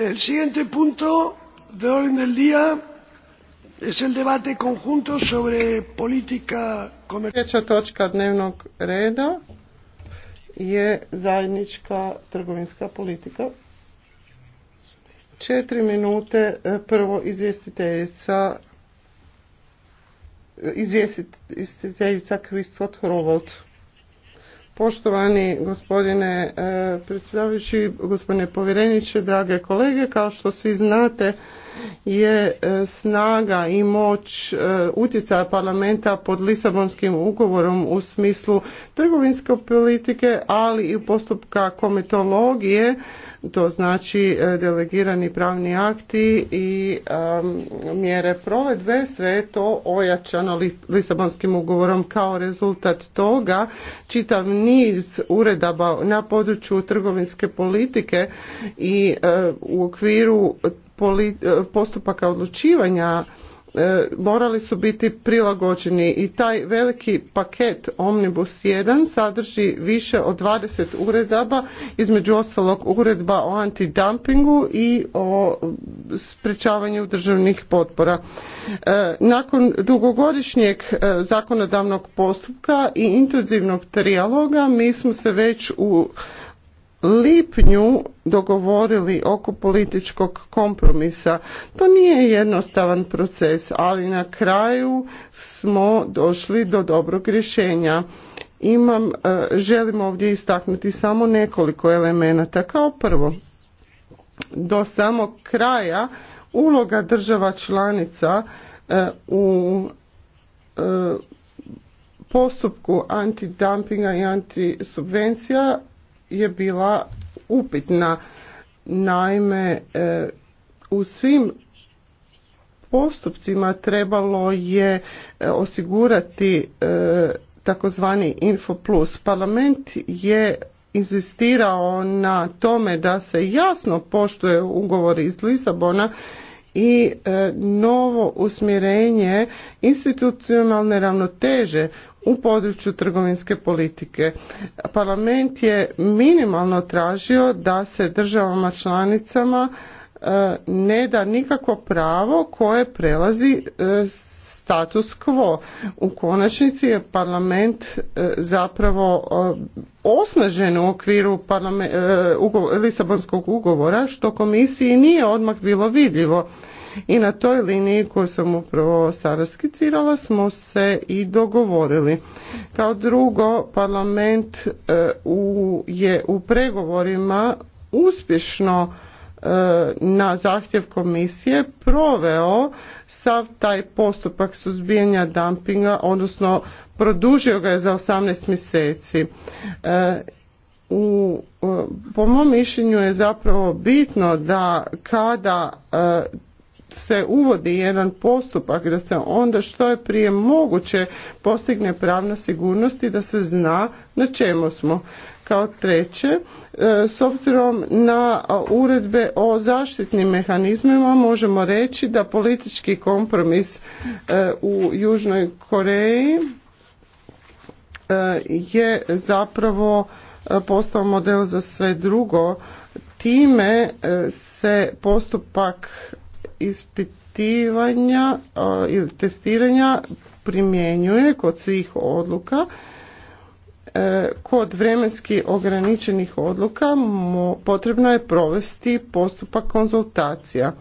el eh, siguiente punto de orden del día es el debate conjunto sobre política comercial. dnevnog reda je zajednička trgovinska politika. Četiri minute eh, prvo izvjestiteljica eh, izvjestiteljica Kristvot Hrovot. Poštovani gospodine e, predsjedavajući, gospodine povjereniče, drage kolege, kao što svi znate, je e, snaga i moć e, utjecaja parlamenta pod Lisabonskim ugovorom u smislu trgovinske politike, ali i postupka komitologije, to znači e, delegirani pravni akti i mjere provedbe, sve je to ojačano Lisabonskim ugovorom kao rezultat toga čitav niz uredaba na području trgovinske politike i u okviru E, postupaka odlučivanja e, morali su biti prilagođeni i taj veliki paket Omnibus 1 sadrži više od 20 uredaba, između ostalog uredba o antidumpingu i o sprečavanju državnih potpora. E, nakon dugogodišnjeg zakonodavnog postupka i intenzivnog trijaloga mi smo se već u lipnju dogovorili oko političkog kompromisa. To nije jednostavan proces, ali na kraju smo došli do dobrog rješenja. Imam, e, želim ovdje istaknuti samo nekoliko elemenata. Kao prvo, do samog kraja uloga država članica e, u e, postupku antidumpinga i antisubvencija je bila upitna. Naime, e, u svim postupcima trebalo je e, osigurati e, takozvani Info Plus. Parlament je inzistirao na tome da se jasno poštuje ugovor iz Lisabona i novo usmjerenje institucionalne ravnoteže u području trgovinske politike. Parlament je minimalno tražio da se državama članicama e, ne da nikako pravo koje prelazi e, status quo. U konačnici je parlament e, zapravo osnažen u okviru Lisabonskog ugovora što komisiji nije odmah bilo vidljivo i na toj liniji koju sam upravo sada skicirala smo se i dogovorili. Kao drugo, parlament e, u, je u pregovorima uspješno e, na zahtjev komisije proveo sav taj postupak suzbijanja dumpinga, odnosno produžio ga je za 18 mjeseci. E, u, po mom mišljenju je zapravo bitno da kada se uvodi jedan postupak da se onda što je prije moguće postigne pravna sigurnost i da se zna na čemu smo. Kao treće, e, s obzirom na uredbe o zaštitnim mehanizmima možemo reći da politički kompromis e, u Južnoj Koreji e, je zapravo postao model za sve drugo. Time se postupak ispitivanja ili testiranja primjenjuje kod svih odluka e, kod vremenski ograničenih odluka potrebno je provesti postupak konzultacija.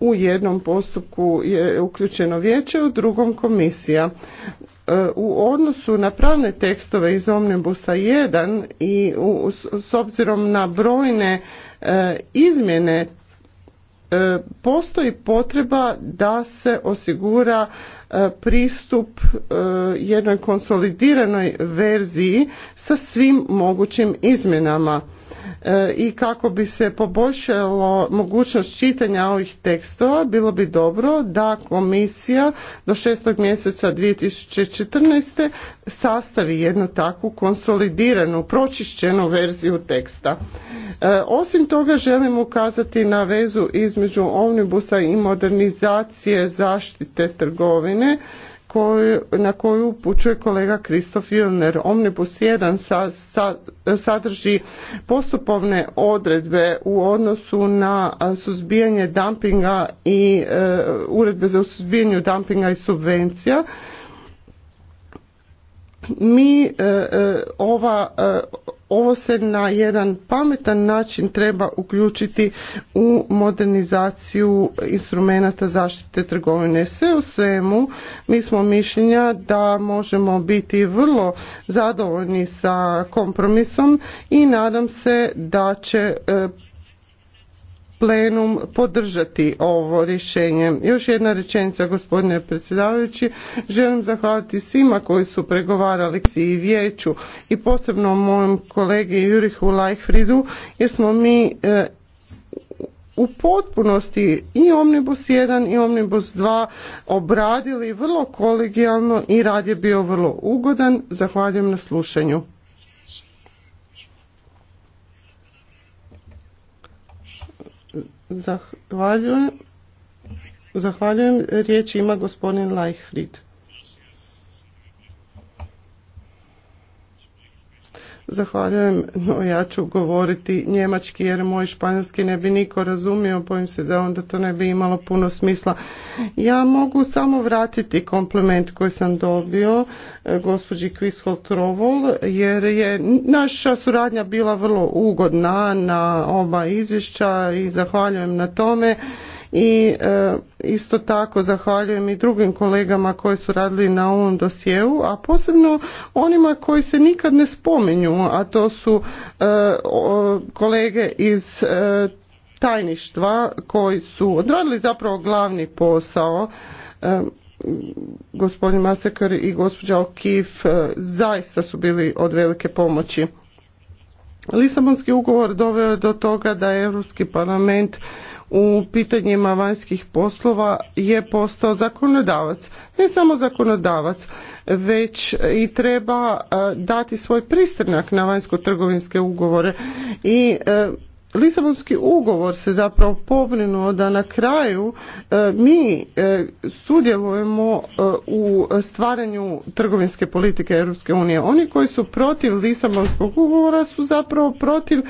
U jednom postupku je uključeno vijeće, u drugom komisija. E, u odnosu na pravne tekstove iz Omnibusa 1 i s obzirom na brojne e, izmjene E, postoji potreba da se osigura e, pristup e, jednoj konsolidiranoj verziji sa svim mogućim izmjenama E, i kako bi se poboljšalo mogućnost čitanja ovih tekstova, bilo bi dobro da komisija do 6. mjeseca 2014. sastavi jednu takvu konsolidiranu, pročišćenu verziju teksta. E, osim toga želim ukazati na vezu između omnibusa i modernizacije zaštite trgovine na koju upućuje kolega Kristof Jilner. Omnibus 1 sa, sadrži postupovne odredbe u odnosu na suzbijanje dumpinga i e, uredbe za suzbijanje dumpinga i subvencija mi e, e, ova ovo se na jedan pametan način treba uključiti u modernizaciju instrumenata zaštite trgovine. Sve u svemu mi smo mišljenja da možemo biti vrlo zadovoljni sa kompromisom i nadam se da će e, plenum podržati ovo rješenje. Još jedna rečenica gospodine predsjedavajući, želim zahvaliti svima koji su pregovarali i vijeću i posebno mojom kolegi Jurihu Lajfridu jer smo mi e, u potpunosti i Omnibus 1 i Omnibus 2 obradili vrlo kolegijalno i rad je bio vrlo ugodan. Zahvaljujem na slušanju. Zahvaljujem. Zahvaljujem. Riječ ima gospodin Lajhfrid. Zahvaljujem, no ja ću govoriti njemački jer moj španjolski ne bi niko razumio, bojim se da onda to ne bi imalo puno smisla. Ja mogu samo vratiti kompliment koji sam dobio e, gospođi Kvishol Trovol jer je naša suradnja bila vrlo ugodna na oba izvješća i zahvaljujem na tome i e, isto tako zahvaljujem i drugim kolegama koji su radili na ovom dosjeu, a posebno onima koji se nikad ne spominju, a to su e, kolege iz e, tajništva koji su odradili zapravo glavni posao gospodin Masekar i gospođa Okif zaista su bili od velike pomoći. Lisabonski ugovor doveo je do toga da je Europski parlament u pitanjima vanjskih poslova je postao zakonodavac. Ne samo zakonodavac, već i treba e, dati svoj pristanak na vanjsko-trgovinske ugovore i e, Lisabonski ugovor se zapravo pobrinuo da na kraju e, mi e, sudjelujemo e, u stvaranju trgovinske politike Europske unije. Oni koji su protiv Lisabonskog ugovora su zapravo protiv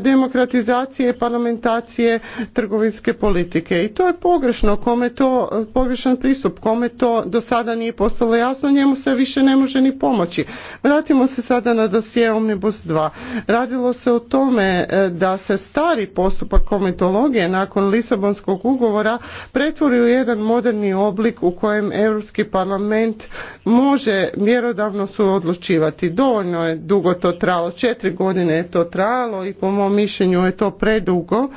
demokratizacije, parlamentacije trgovinske politike i to je pogrešno kome to pogrešan pristup, kome to do sada nije postalo jasno, njemu se više ne može ni pomoći. Vratimo se sada na dosije Omnibus 2. Radilo se o tome da se stari postupak komitologije nakon Lisabonskog ugovora pretvori u jedan moderni oblik u kojem Europski parlament može mjerodavno odlučivati. Dovoljno je dugo to trajalo, četiri godine je to trajalo i po mom mišljenju je to predugo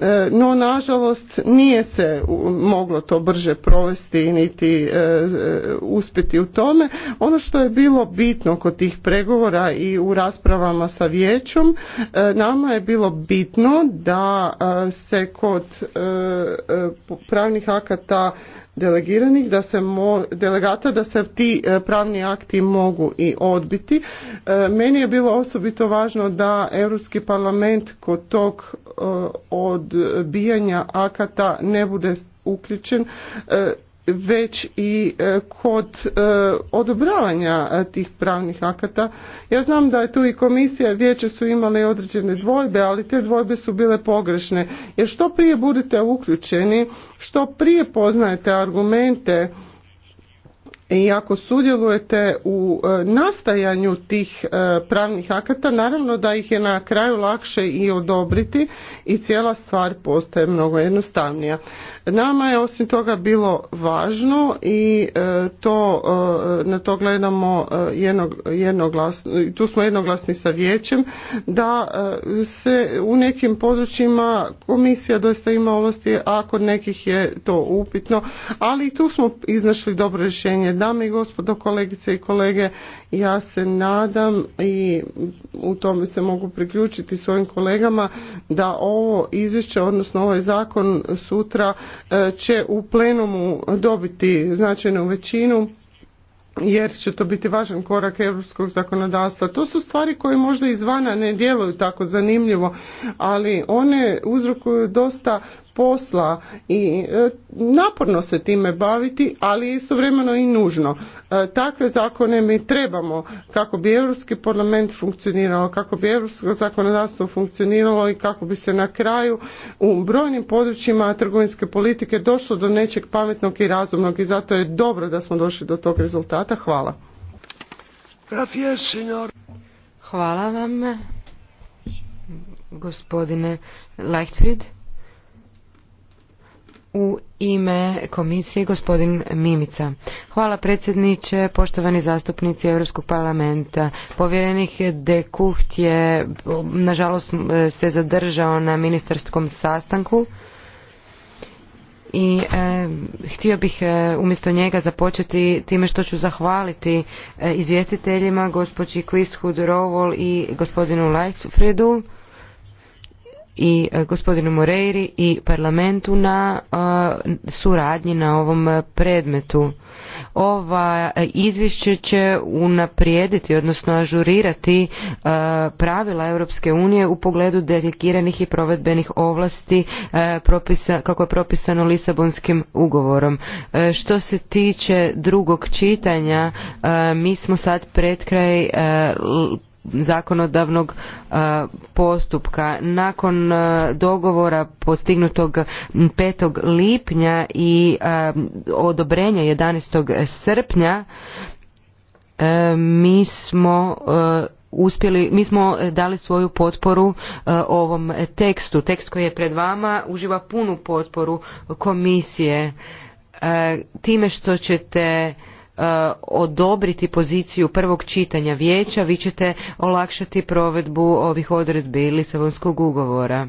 E, no nažalost nije se moglo to brže provesti niti e, e, uspjeti u tome. Ono što je bilo bitno kod tih pregovora i u raspravama sa vijećom, nama je bilo bitno da se kod pravnih akata delegiranih da se delegata da se ti e, pravni akti mogu i odbiti. E, meni je bilo osobito važno da Europski parlament kod tog e, odbijanja akata ne bude uključen već i e, kod e, odobravanja e, tih pravnih akata. Ja znam da je tu i komisija i vijeće su imale određene dvojbe, ali te dvojbe su bile pogrešne. Jer što prije budete uključeni, što prije poznajete argumente i ako sudjelujete u nastajanju tih pravnih akata, naravno da ih je na kraju lakše i odobriti i cijela stvar postaje mnogo jednostavnija. Nama je osim toga bilo važno i e, to e, na to gledamo e, jednog, jednoglasno, tu smo jednoglasni sa vijećem da se u nekim područjima komisija doista ima ovlasti, a kod nekih je to upitno, ali i tu smo iznašli dobro rješenje. Dame i gospodo, kolegice i kolege, ja se nadam i u tome se mogu priključiti svojim kolegama da ovo izvješće, odnosno ovaj zakon sutra E, će u plenumu dobiti značajnu većinu jer će to biti važan korak europskog zakonodavstva. To su stvari koje možda izvana ne djeluju tako zanimljivo, ali one uzrokuju dosta posla i e, naporno se time baviti, ali istovremeno i nužno. E, takve zakone mi trebamo kako bi Europski parlament funkcionirao, kako bi europsko zakonodavstvo funkcioniralo i kako bi se na kraju u brojnim područjima trgovinske politike došlo do nečeg pametnog i razumnog i zato je dobro da smo došli do tog rezultata. Hvala. Hvala vam, gospodine Leichtfried u ime komisije gospodin Mimica. Hvala predsjedniče, poštovani zastupnici Europskog parlamenta. Povjerenik De Kuht je nažalost se zadržao na ministarskom sastanku i e, htio bih e, umjesto njega započeti time što ću zahvaliti e, izvjestiteljima gospođi Quist Rowell i gospodinu Leitfriedu i e, gospodinu Moreiri i parlamentu na e, suradnji na ovom e, predmetu. Ova izvješće će unaprijediti, odnosno ažurirati pravila Europske unije u pogledu delegiranih i provedbenih ovlasti kako je propisano Lisabonskim ugovorom. Što se tiče drugog čitanja, mi smo sad pred kraj zakonodavnog postupka. Nakon dogovora postignutog 5. lipnja i odobrenja 11. srpnja mi smo uspjeli, mi smo dali svoju potporu ovom tekstu. Tekst koji je pred vama uživa punu potporu komisije time što ćete E, odobriti poziciju prvog čitanja vijeća, vi ćete olakšati provedbu ovih odredbi Lisabonskog ugovora.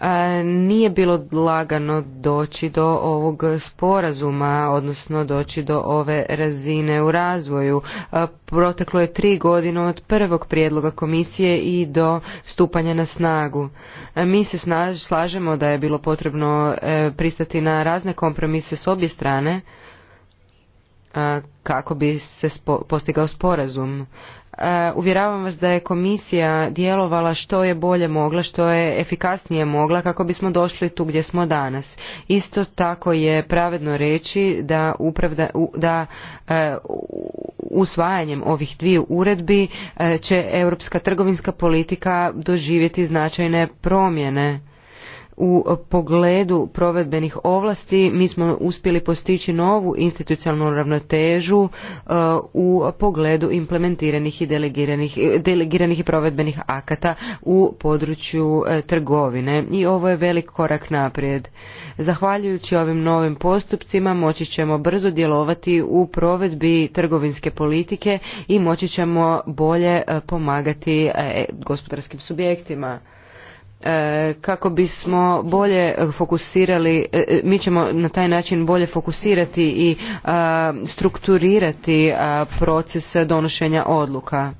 E, nije bilo lagano doći do ovog sporazuma, odnosno doći do ove razine u razvoju. E, proteklo je tri godine od prvog prijedloga komisije i do stupanja na snagu. Mi se slažemo da je bilo potrebno pristati na razne kompromise s obje strane, kako bi se postigao sporazum. E, uvjeravam vas da je komisija djelovala što je bolje mogla, što je efikasnije mogla kako bismo došli tu gdje smo danas. Isto tako je pravedno reći da, da e, usvajanjem ovih dviju uredbi e, će europska trgovinska politika doživjeti značajne promjene u pogledu provedbenih ovlasti mi smo uspjeli postići novu institucionalnu ravnotežu e, u pogledu implementiranih i delegiranih, e, delegiranih i provedbenih akata u području e, trgovine i ovo je velik korak naprijed. Zahvaljujući ovim novim postupcima moći ćemo brzo djelovati u provedbi trgovinske politike i moći ćemo bolje pomagati gospodarskim subjektima. E, kako bismo bolje fokusirali, e, e, mi ćemo na taj način bolje fokusirati i strukturirati proces donošenja odluka.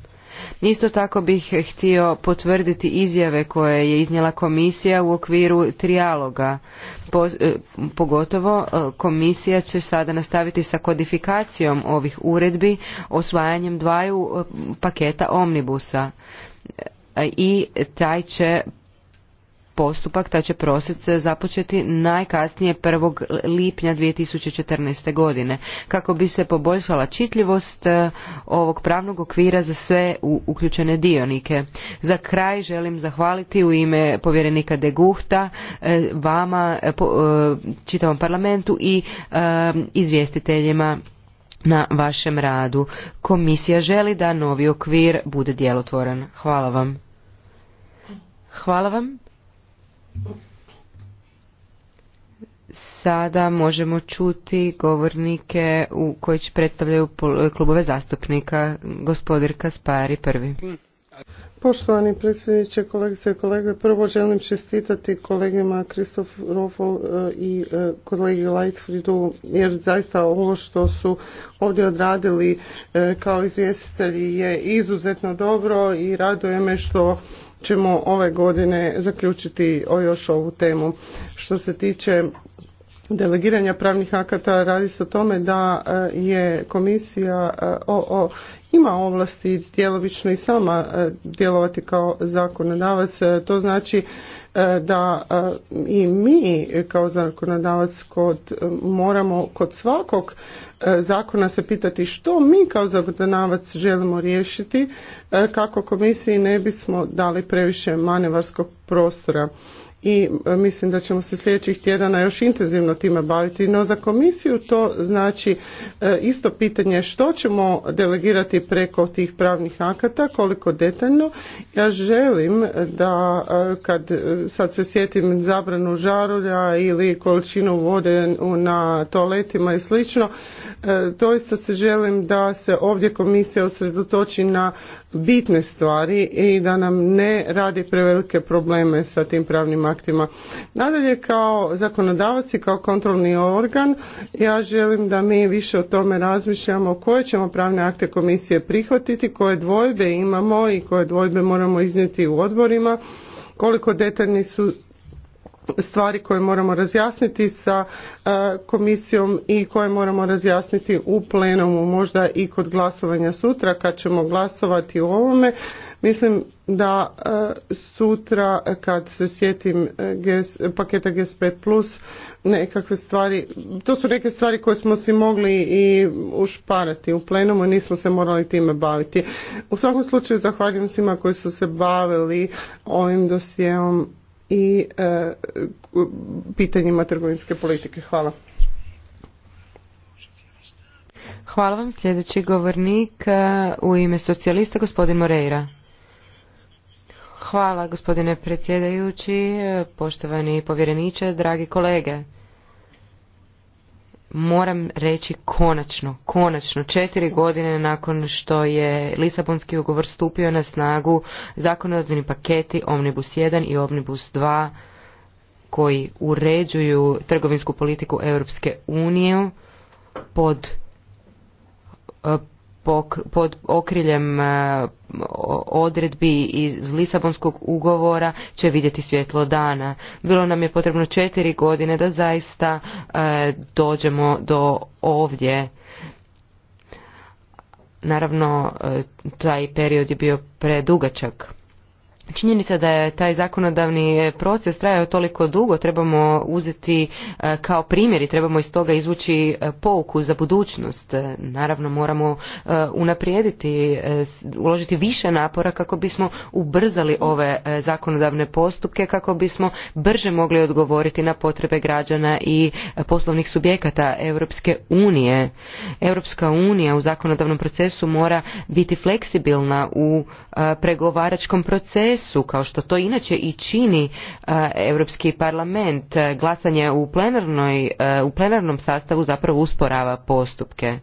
Isto tako bih htio potvrditi izjave koje je iznijela komisija u okviru trijaloga. pogotovo komisija će sada nastaviti sa kodifikacijom ovih uredbi osvajanjem dvaju paketa omnibusa i taj će postupak taj će prosjec započeti najkasnije 1. lipnja 2014. godine kako bi se poboljšala čitljivost e, ovog pravnog okvira za sve uključene dionike. Za kraj želim zahvaliti u ime povjerenika De Guhta e, vama, e, čitavom parlamentu i izvjestiteljima na vašem radu. Komisija želi da novi okvir bude djelotvoran. Hvala vam. Hvala vam. Sada možemo čuti govornike u koji će predstavljaju klubove zastupnika. Gospodir Kaspari prvi. Poštovani predsjedniče, kolegice i kolege, prvo želim čestitati kolegima Kristof Rofol e, i e, kolegi Lightfridu jer zaista ovo što su ovdje odradili e, kao izvjestitelji je izuzetno dobro i raduje me što ćemo ove godine zaključiti o još ovu temu. Što se tiče delegiranja pravnih akata radi se o tome da e, je komisija e, o, ima ovlasti djelovično i sama e, djelovati kao zakonodavac. To znači da i mi kao zakonodavac kod, moramo kod svakog E, zakona se pitati što mi kao zakonodavac želimo riješiti e, kako komisiji ne bismo dali previše manevarskog prostora i e, mislim da ćemo se sljedećih tjedana još intenzivno time baviti. No za komisiju to znači e, isto pitanje što ćemo delegirati preko tih pravnih akata, koliko detaljno. Ja želim da e, kad sad se sjetim zabranu žarulja ili količinu vode na toaletima i slično, doista se želim da se ovdje komisija osredotoči na bitne stvari i da nam ne radi prevelike probleme sa tim pravnim aktima. Nadalje, kao zakonodavac i kao kontrolni organ, ja želim da mi više o tome razmišljamo koje ćemo pravne akte komisije prihvatiti, koje dvojbe imamo i koje dvojbe moramo iznijeti u odborima, koliko detaljni su stvari koje moramo razjasniti sa e, komisijom i koje moramo razjasniti u plenumu, možda i kod glasovanja sutra kad ćemo glasovati o ovome, Mislim da e, sutra kad se sjetim e, paketa GS5 nekakve stvari, to su neke stvari koje smo si mogli i ušparati u plenumu i nismo se morali time baviti. U svakom slučaju zahvaljujem svima koji su se bavili ovim dosijevom i e, pitanjima trgovinske politike. Hvala. Hvala vam. Sljedeći govornik u ime socijalista, gospodin Moreira. Hvala gospodine predsjedajući, poštovani povjereniče, dragi kolege. Moram reći konačno, konačno, četiri godine nakon što je Lisabonski ugovor stupio na snagu zakonodavni paketi Omnibus 1 i Omnibus 2 koji uređuju trgovinsku politiku Europske unije pod pod okriljem e, odredbi iz Lisabonskog ugovora će vidjeti svjetlo dana. Bilo nam je potrebno četiri godine da zaista e, dođemo do ovdje. Naravno, e, taj period je bio predugačak. Činjenica da je taj zakonodavni e, proces trajao toliko dugo, trebamo uzeti e, kao primjer i trebamo iz toga izvući e, pouku za budućnost. Naravno moramo unaprijediti, uložiti više napora kako bismo ubrzali ove zakonodavne postupke, kako bismo brže mogli odgovoriti na potrebe građana i poslovnih subjekata Europske unije. Europska unija u zakonodavnom procesu mora biti fleksibilna u pregovaračkom procesu su kao što to inače i čini e, Europski parlament e, glasanje u, e, u plenarnom sastavu zapravo usporava postupke.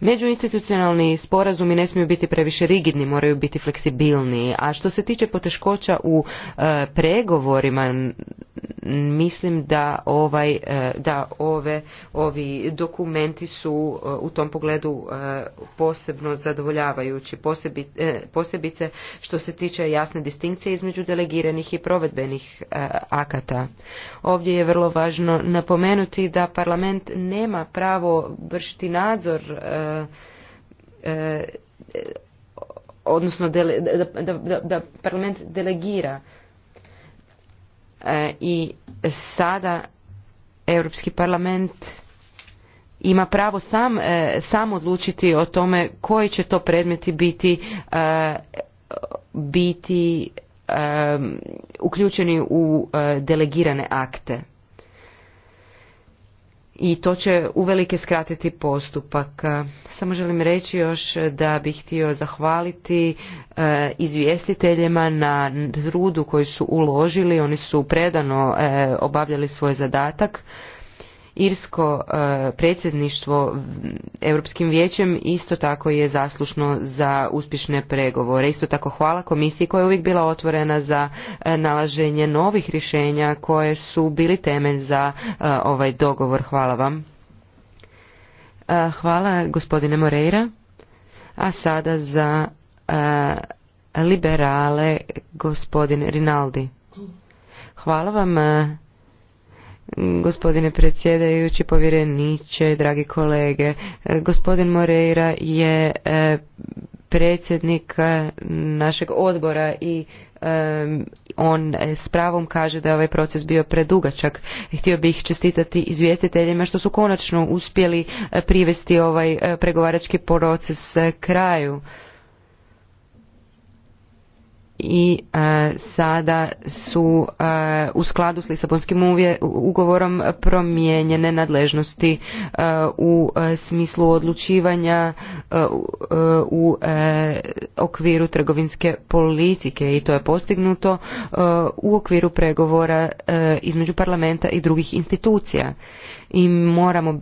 Međuinstitucionalni sporazumi ne smiju biti previše rigidni, moraju biti fleksibilni, A što se tiče poteškoća u e, pregovorima, mislim da ovaj, e, da ove ovi dokumenti su e, u tom pogledu posebno zadovoljavajući, posebice što se tiče jasne distinkcije između delegiranih i provedbenih akata. Ovdje je vrlo važno napomenuti da parlament nema pravo vršiti nadzor E, e, odnosno da, parlament delegira e, i sada europski parlament ima pravo sam, odlučiti o tome koji će to predmeti biti biti uključeni u delegirane akte i to će uvelike skratiti postupak. E, samo želim reći još da bih htio zahvaliti e, izvjestiteljima na trudu koji su uložili, oni su predano e, obavljali svoj zadatak Irsko e, predsjedništvo Europskim vijećem isto tako je zaslušno za uspješne pregovore. Isto tako hvala komisiji koja je uvijek bila otvorena za e, nalaženje novih rješenja koje su bili temelj za e, ovaj dogovor. Hvala vam. Hvala gospodine Moreira. A sada za liberale gospodine Rinaldi. Hvala vam Mm, gospodine predsjedajući, povjereniče, dragi kolege, e, gospodin Moreira je e, predsjednik e, našeg odbora i on s pravom kaže da je ovaj proces bio predugačak. Htio bih čestitati izvjestiteljima što su konačno uspjeli privesti ovaj pregovarački proces kraju i e, sada su e, u skladu s Lisabonskim uvje, ugovorom promijenjene nadležnosti e, u smislu odlučivanja u okviru trgovinske politike i to je postignuto u okviru pregovora između parlamenta i drugih institucija. I moramo,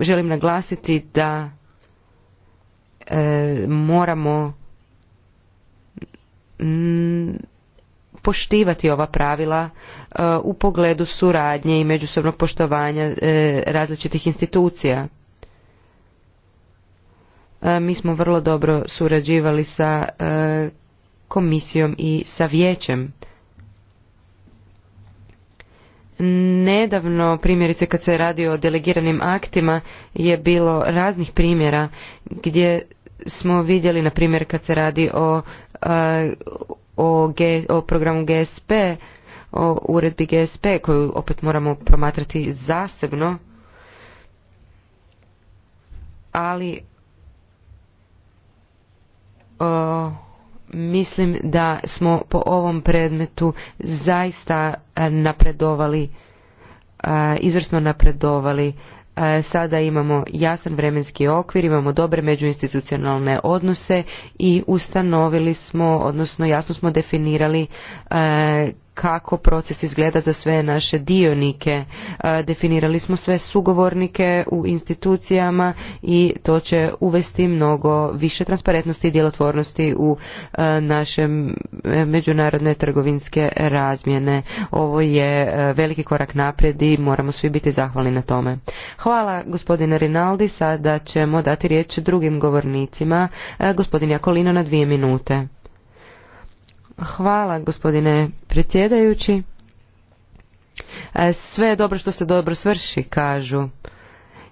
želim naglasiti da moramo poštivati ova pravila e, u pogledu suradnje i međusobnog poštovanja e, različitih institucija. E, mi smo vrlo dobro surađivali sa komisijom i sa vijećem. Nedavno, primjerice kad se radi o delegiranim aktima, je bilo raznih primjera gdje smo vidjeli, na primjer kad se radi o o, o programu GSP, o uredbi GSP koju opet moramo promatrati zasebno, ali mislim da smo po ovom predmetu zaista napredovali, izvrsno napredovali E, sada imamo jasan vremenski okvir, imamo dobre međuinstitucionalne odnose i ustanovili smo, odnosno jasno smo definirali e, kako proces izgleda za sve naše dionike. E, definirali smo sve sugovornike u institucijama i to će uvesti mnogo više transparentnosti i djelotvornosti u e, naše e, međunarodne trgovinske razmjene. Ovo je veliki korak naprijed i moramo svi biti zahvalni na tome. Hvala gospodine Rinaldi, sada ćemo dati riječ drugim govornicima. Gospodin Jakolino na dvije minute. Hvala gospodine predsjedajući. E, sve je dobro što se dobro svrši, kažu.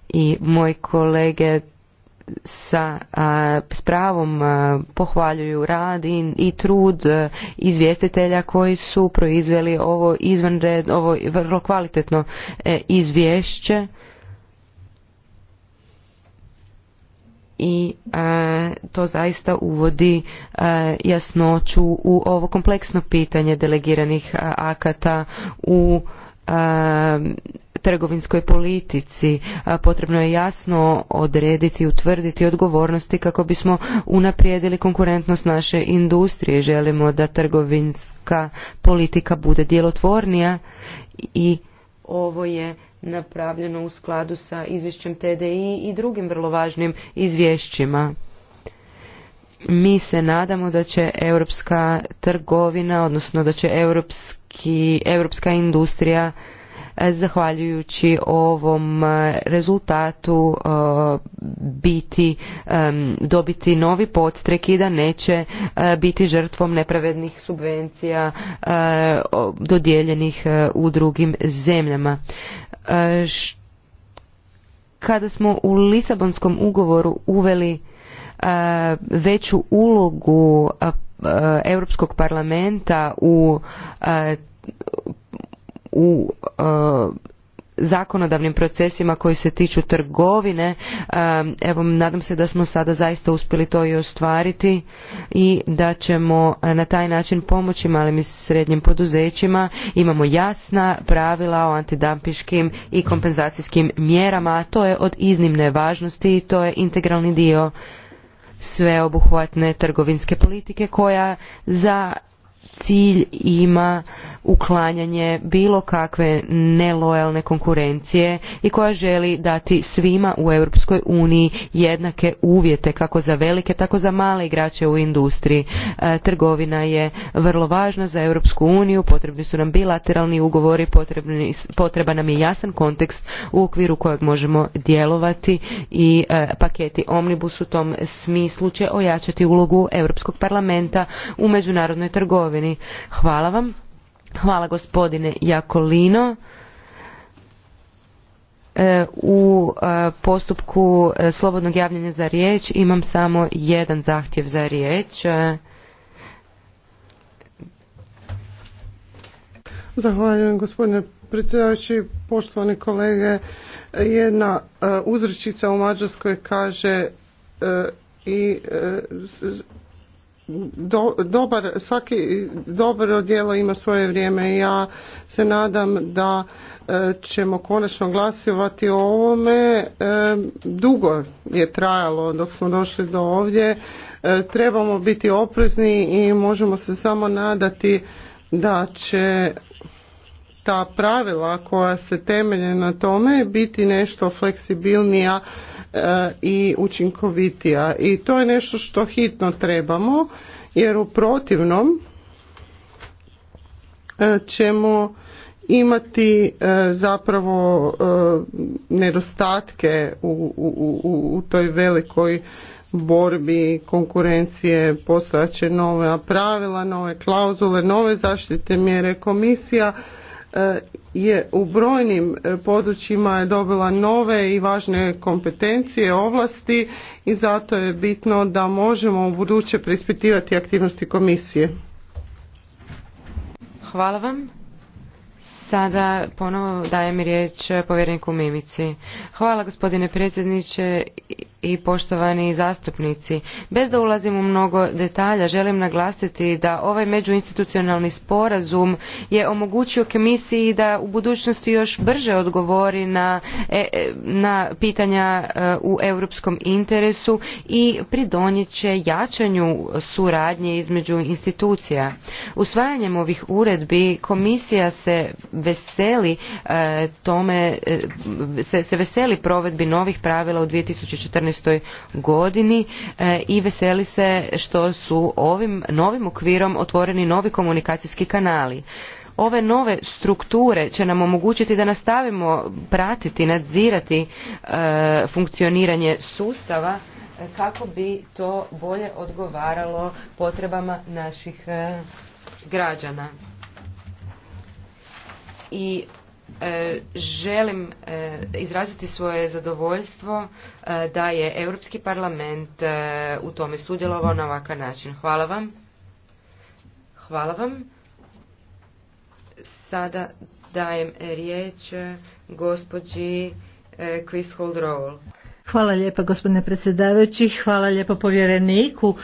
I moji kolege sa spravom s pravom pohvaljuju rad i, trud e, izvjestitelja koji su proizveli ovo izvanred, ovo vrlo kvalitetno e, izvješće i e, to zaista uvodi e, jasnoću u ovo kompleksno pitanje delegiranih e, akata u trgovinskoj politici potrebno je jasno odrediti i utvrditi odgovornosti kako bismo unaprijedili konkurentnost naše industrije želimo da trgovinska politika bude djelotvornija i ovo je napravljeno u skladu sa izvješćem TDI i drugim vrlo važnim izvješćima. Mi se nadamo da će europska trgovina, odnosno da će europski, europska industrija zahvaljujući ovom e, rezultatu e, biti dobiti novi podstrek i da neće e, biti žrtvom nepravednih subvencija dodijeljenih u drugim zemljama kada smo u Lisabonskom ugovoru uveli veću ulogu Europskog parlamenta u u uh, zakonodavnim procesima koji se tiču trgovine. Um, evo, nadam se da smo sada zaista uspjeli to i ostvariti i da ćemo uh, na taj način pomoći malim i srednjim poduzećima. Imamo jasna pravila o antidampiškim i kompenzacijskim mjerama, a to je od iznimne važnosti i to je integralni dio sveobuhvatne trgovinske politike koja za cilj ima uklanjanje bilo kakve nelojalne konkurencije i koja želi dati svima u Europskoj uniji jednake uvjete kako za velike tako za male igrače u industriji. E, trgovina je vrlo važna za Europsku uniju, potrebni su nam bilateralni ugovori, potreba nam je jasan kontekst u okviru kojeg možemo djelovati i e, paketi Omnibus u tom smislu će ojačati ulogu Europskog parlamenta u međunarodnoj trgovini Hvala vam. Hvala gospodine Jakolino. E, u e, postupku e, slobodnog javljanja za riječ imam samo jedan zahtjev za riječ. Zahvaljujem gospodine predsjedavajući, poštovani kolege. Jedna uzrečica u Mađarskoj kaže i dobar, svaki dobro djelo ima svoje vrijeme. i Ja se nadam da e, ćemo konačno glasovati o ovome. E, dugo je trajalo dok smo došli do ovdje. E, trebamo biti oprezni i možemo se samo nadati da će ta pravila koja se temelje na tome biti nešto fleksibilnija E, i učinkovitija. I to je nešto što hitno trebamo jer u protivnom e, ćemo imati e, zapravo nedostatke u, u, u, u toj velikoj borbi konkurencije postojaće nove pravila, nove klauzule, nove zaštite mjere komisija je u brojnim e, područjima je dobila nove i važne kompetencije, ovlasti i zato je bitno da možemo u buduće prispitivati aktivnosti komisije. Hvala vam. Sada ponovo dajem riječ povjereniku Mimici. Hvala gospodine predsjedniče i poštovani zastupnici. Bez da ulazim u mnogo detalja, želim naglasiti da ovaj međuinstitucionalni sporazum je omogućio komisiji da u budućnosti još brže odgovori na, e, na pitanja e, u europskom interesu i pridonijet će jačanju suradnje između institucija. Usvajanjem ovih uredbi komisija se veseli e, tome, e, se, veseli provedbi novih pravila u 2014. godini e, i veseli se što su ovim novim okvirom otvoreni novi komunikacijski kanali ove nove strukture će nam omogućiti da nastavimo pratiti nadzirati funkcioniranje sustava kako bi to bolje odgovaralo potrebama naših građana i e, želim e, izraziti svoje zadovoljstvo e, da je Europski parlament u tome sudjelovao na ovakav način. Hvala vam. Hvala vam. Sada dajem riječ gospođi Chris Holdroll. Hvala lijepa gospodine predsjedavajući, hvala lijepo povjereniku.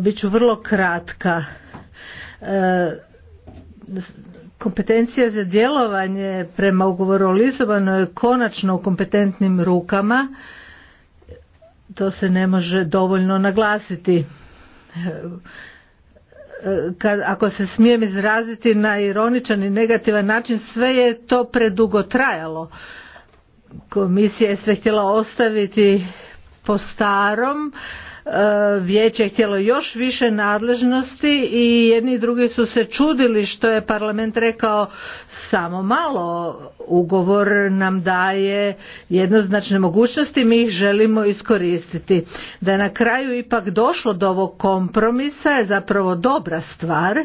Biću vrlo kratka kompetencija za djelovanje prema ugovoru o Lisabonu je konačno u kompetentnim rukama. To se ne može dovoljno naglasiti. ako se smijem izraziti na ironičan i negativan način, sve je to predugo trajalo. Komisija je sve htjela ostaviti po starom, vijeće je htjelo još više nadležnosti i jedni i drugi su se čudili što je parlament rekao samo malo ugovor nam daje jednoznačne mogućnosti mi ih želimo iskoristiti da je na kraju ipak došlo do ovog kompromisa je zapravo dobra stvar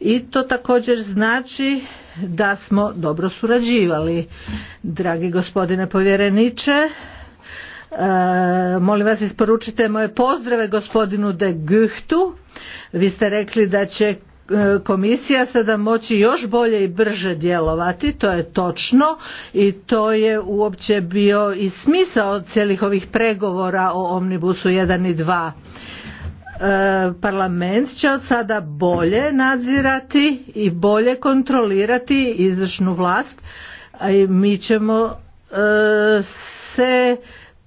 i to također znači da smo dobro surađivali dragi gospodine povjereniče E, molim vas isporučite moje pozdrave gospodinu de Guhtu. Vi ste rekli da će e, komisija sada moći još bolje i brže djelovati, to je točno i to je uopće bio i smisao cijelih ovih pregovora o Omnibusu 1 i 2 e, parlament će od sada bolje nadzirati i bolje kontrolirati izvršnu vlast i mi ćemo se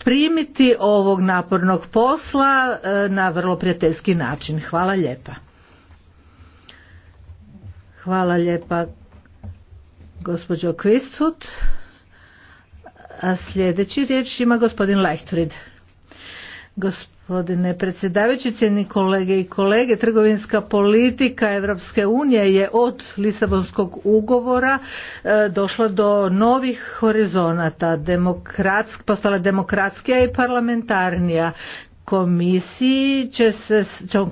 primiti ovog napornog posla e, na vrlo prijateljski način. Hvala lijepa. Hvala lijepa gospođo Kvistut. A sljedeći riječ ima gospodin Leichtfried. Gospodin Gospodine predsjedavajući, cijeni kolege i kolege, trgovinska politika Europske unije je od Lisabonskog ugovora e, došla do novih horizonata, postala demokratskija i parlamentarnija. Komisiji će se,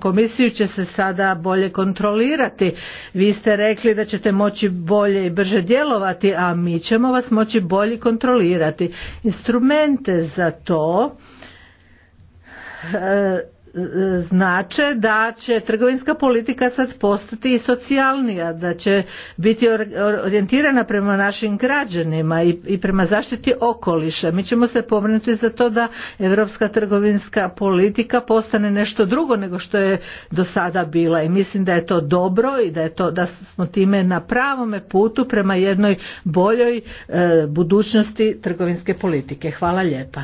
komisiju će se sada bolje kontrolirati. Vi ste rekli da ćete moći bolje i brže djelovati, a mi ćemo vas moći bolje kontrolirati. Instrumente za to E, znače da će trgovinska politika sad postati i socijalnija, da će biti orijentirana prema našim građanima i prema zaštiti okoliša. Mi ćemo se pobrinuti za to da europska trgovinska politika postane nešto drugo nego što je do sada bila i mislim da je to dobro i da je to da smo time na pravome putu prema jednoj boljoj e, budućnosti trgovinske politike. Hvala lijepa.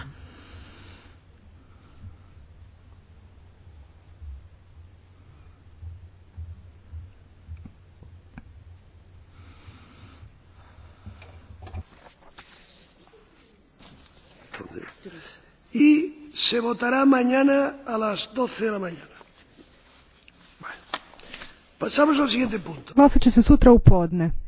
y se votará mañana a las 12 de la mañana. Bueno. Pasamos al siguiente punto. Glasat se sutra u podne.